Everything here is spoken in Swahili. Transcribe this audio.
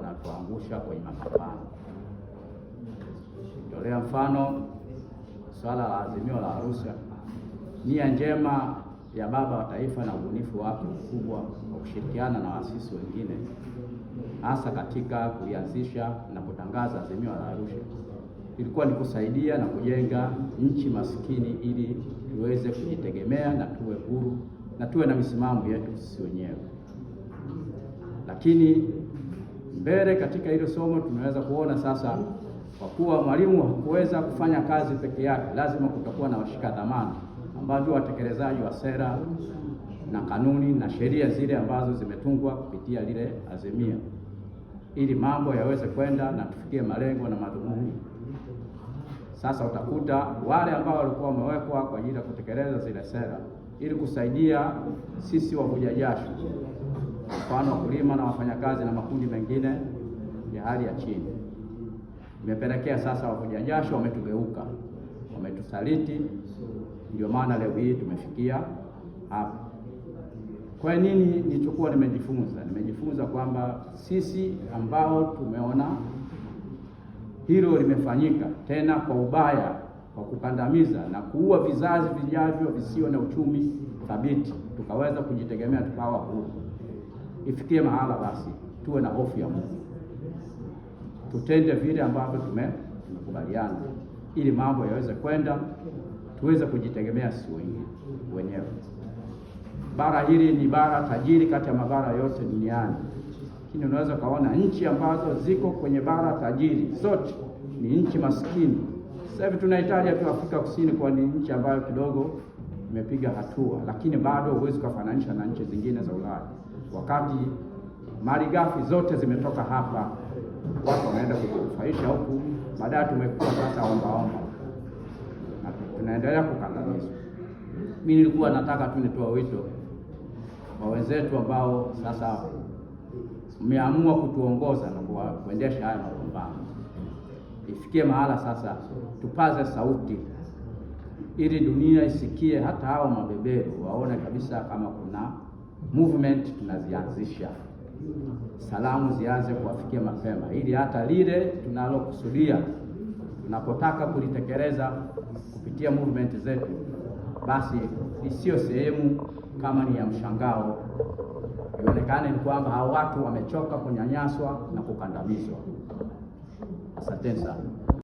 wanatuangusha kwenye mapambano. Tolea mfano swala la azimio la Arusha, nia njema ya baba wa taifa na ubunifu wake mkubwa wa kushirikiana na waasisi wengine, hasa katika kulianzisha na kutangaza azimio la Arusha, ilikuwa ni kusaidia na kujenga nchi maskini ili tuweze kujitegemea na tuwe huru na tuwe na misimamo yetu sisi wenyewe, lakini mbele katika hilo somo tunaweza kuona sasa, kwa kuwa mwalimu hakuweza kufanya kazi peke yake, lazima kutakuwa na washika dhamana ambao ndio watekelezaji wa sera na kanuni na sheria zile ambazo zimetungwa kupitia lile azimia, ili mambo yaweze kwenda na tufikie malengo na madhumuni. Sasa utakuta wale ambao walikuwa wamewekwa kwa ajili ya kutekeleza zile sera ili kusaidia sisi wavuja jasho mfano wakulima na wafanyakazi na makundi mengine ya hali ya chini. Imepelekea sasa wavuja jasho wametugeuka, wametusaliti. Ndio maana leo hii tumefikia hapa. Kwa nini nilichokuwa nimejifunza? Nimejifunza kwamba sisi ambao tumeona hilo limefanyika tena kwa ubaya, kwa kukandamiza na kuua vizazi vijavyo visio na uchumi thabiti, tukaweza kujitegemea tukawa huru ifikie mahala basi tuwe na hofu ya Mungu, tutende vile ambavyo tumekubaliana, ili mambo yaweze kwenda, tuweze kujitegemea si wenyewe. Bara hili ni bara tajiri kati ya mabara yote duniani, lakini unaweza ukaona nchi ambazo ziko kwenye bara tajiri zote ni nchi maskini. Sasa hivi tunahitaji tu Afrika Kusini, kwa ni nchi ambayo kidogo imepiga hatua, lakini bado huwezi kufananisha na nchi zingine za Ulaya wakati ghafi zote zimetoka hapa, watu wanaenda kujinufaisha huku, baadaye tumekuwa sasa ombaomba na tunaendelea kukandamizwa. Mimi nilikuwa nataka tu nitoa wito kwa wenzetu ambao sasa mmeamua kutuongoza na kuendesha haya mapambano, ifikie mahala sasa tupaze sauti ili dunia isikie, hata hao mabeberu waone kabisa kama kuna movement tunazianzisha, salamu zianze kuwafikia mapema, ili hata lile tunalokusudia tunapotaka kulitekeleza kupitia movement zetu, basi isiyo sehemu kama ni ya mshangao, ionekane ni kwamba hao watu wamechoka kunyanyaswa na kukandamizwa. Asanteni sana.